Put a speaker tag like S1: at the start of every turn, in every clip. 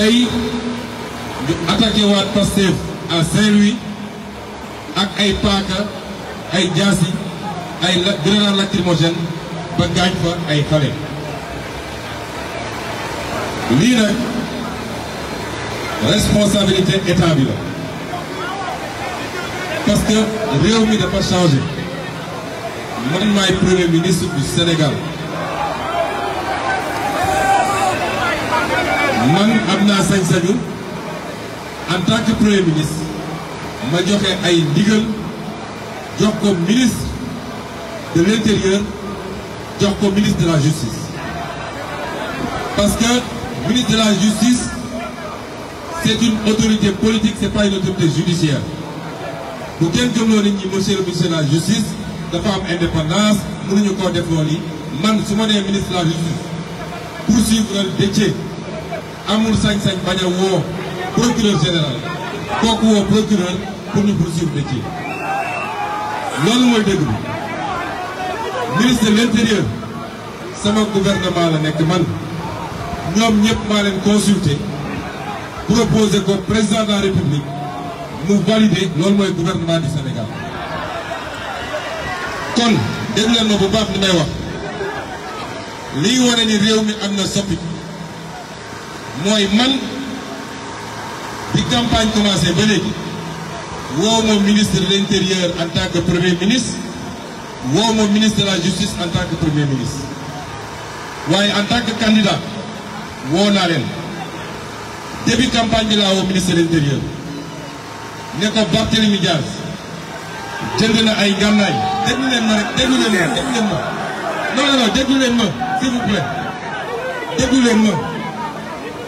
S1: tey ñu attaqué waat Pastef à saint ak ay paaka ay jaasi ay grenade lacrymogène ba gaañ fa ay xale lii nag responsabilité état bi la parce que réew mi dafa changé man maay premier ministre du Sénégal man Amna sañ en tant que premier ministre ma suis ay ndigal jox ko ministre de l'intérieur jox ko ministre de la justice parce que ministre de la justice c'est une autorité politique c'est pas une autorité judiciaire Pour kenn qui nit monsieur le ministre de la justice dafa am indépendance mënuñu ko def loolu man su ma ministre de la justice poursuivre le déchet amul sañ-sañ bañ a woo procureur général kooku woo procureur pour ñu poursuivre métier loolu mooy dëgg bi ministre de sama gouvernement la nekk man ñoom ñëpp maa leen consulter proposer ko président de la république mu valider loolu mooy gouvernement du Sénégal kon déglu leen ma bu baax li may wax liy wane ni réew mi am na soppi mooy man bi campagne commencé ba léegi woo ma ministre de l'intérieur en tant premier ministre woo ma ministre la justice en tant que premier ministre waaye en tant que woo naa leen début campagne bi laa woo ministre de l'intérieur ne ko Barthélemy jënd na ay gànnaay déglu leen ma rek déglu leen leen ma non non leen ma leen ma.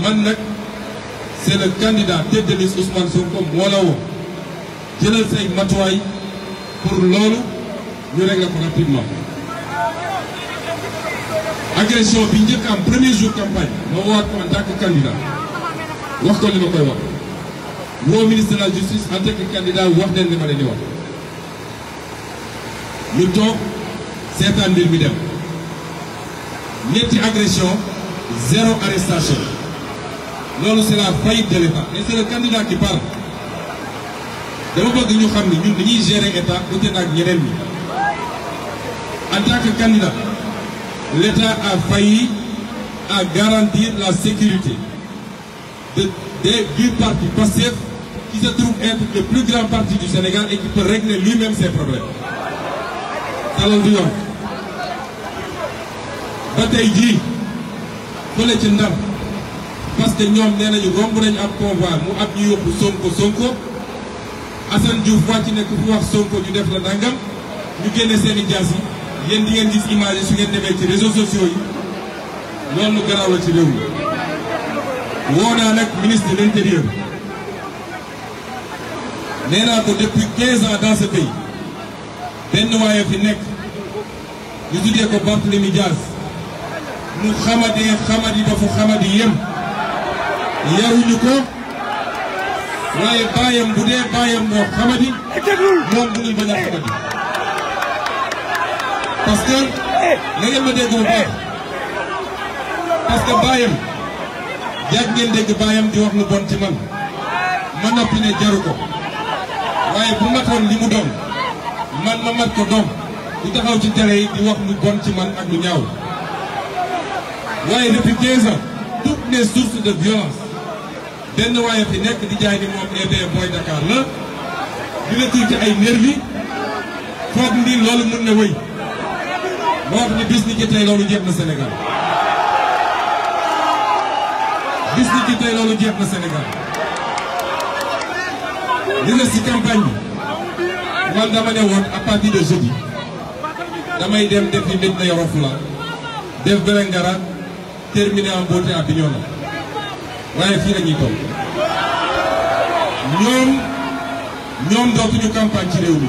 S1: man c'est le candidat tête de liste Ousmane Sonko moo la woo say pour loolu nous réglons rapidement. agression bi njëkk premier jour campagne nous avons ko en candidat Nous ko li ministre de la justice en tant que candidat wax leen Le de Le di wax ñu toog dem agression zéro arrestation non, c'est la faillite de l'État et c'est le candidat qui parle dama nous ñu xam nous ñun dañuy gérer état en tant que candidat l'État a failli à garantir la sécurité des du parti passifs qui se trouve être le plus grand parti du Sénégal et qui peut régler lui-même ses problèmes talal du Bataille ba pour les parce que ñoom nee nañu romb nañu ab convoi mu ab ñu yóbbu Sonko Sonko Assane Diouf wàcc ne ku fi wax Sonko ñu def la dangam ñu génne seen i jaas yi yéen di ngeen gis image su ngeen demee ci réseaux sociaux yi loolu garaaw la ci réew mi. woo nag ministre de nee naa ko depuis 15 ans dans benn waaye fi nekk ñu tuddee ko Barthélémy Dias mu xamadi xamadi ba fu yem. yaruñu ko waaye baayam bu dee baayam moo xamadi moom na ngeen ma dégg bu baax parce que baayam yàgg ngeen dégg baayam di wax lu bon ci man ma noppi ne jaru ko waaye bu matoon li mu doon man ma mat ko doom lu taxaw ci télé yi di wax lu bon ci man ak lu ñaaw waaye depuis 15 ans toutes les sources de violence benn waaye fi nekk di jaay ni moom EB booy Dakar la di la tuuti ay nervi foog ni loolu mun na wëy moo tax ni bis ni loolu jeex na Sénégal bis si campagne
S2: bi
S1: man dama ne woon à partir de jeudi damay dem defi mbir na Yoro Fula def Vélingara terminé en beauté à Bignona waaye fii la ñuy toog ñoom
S2: ñoom dootuñu campagne ci réew mi.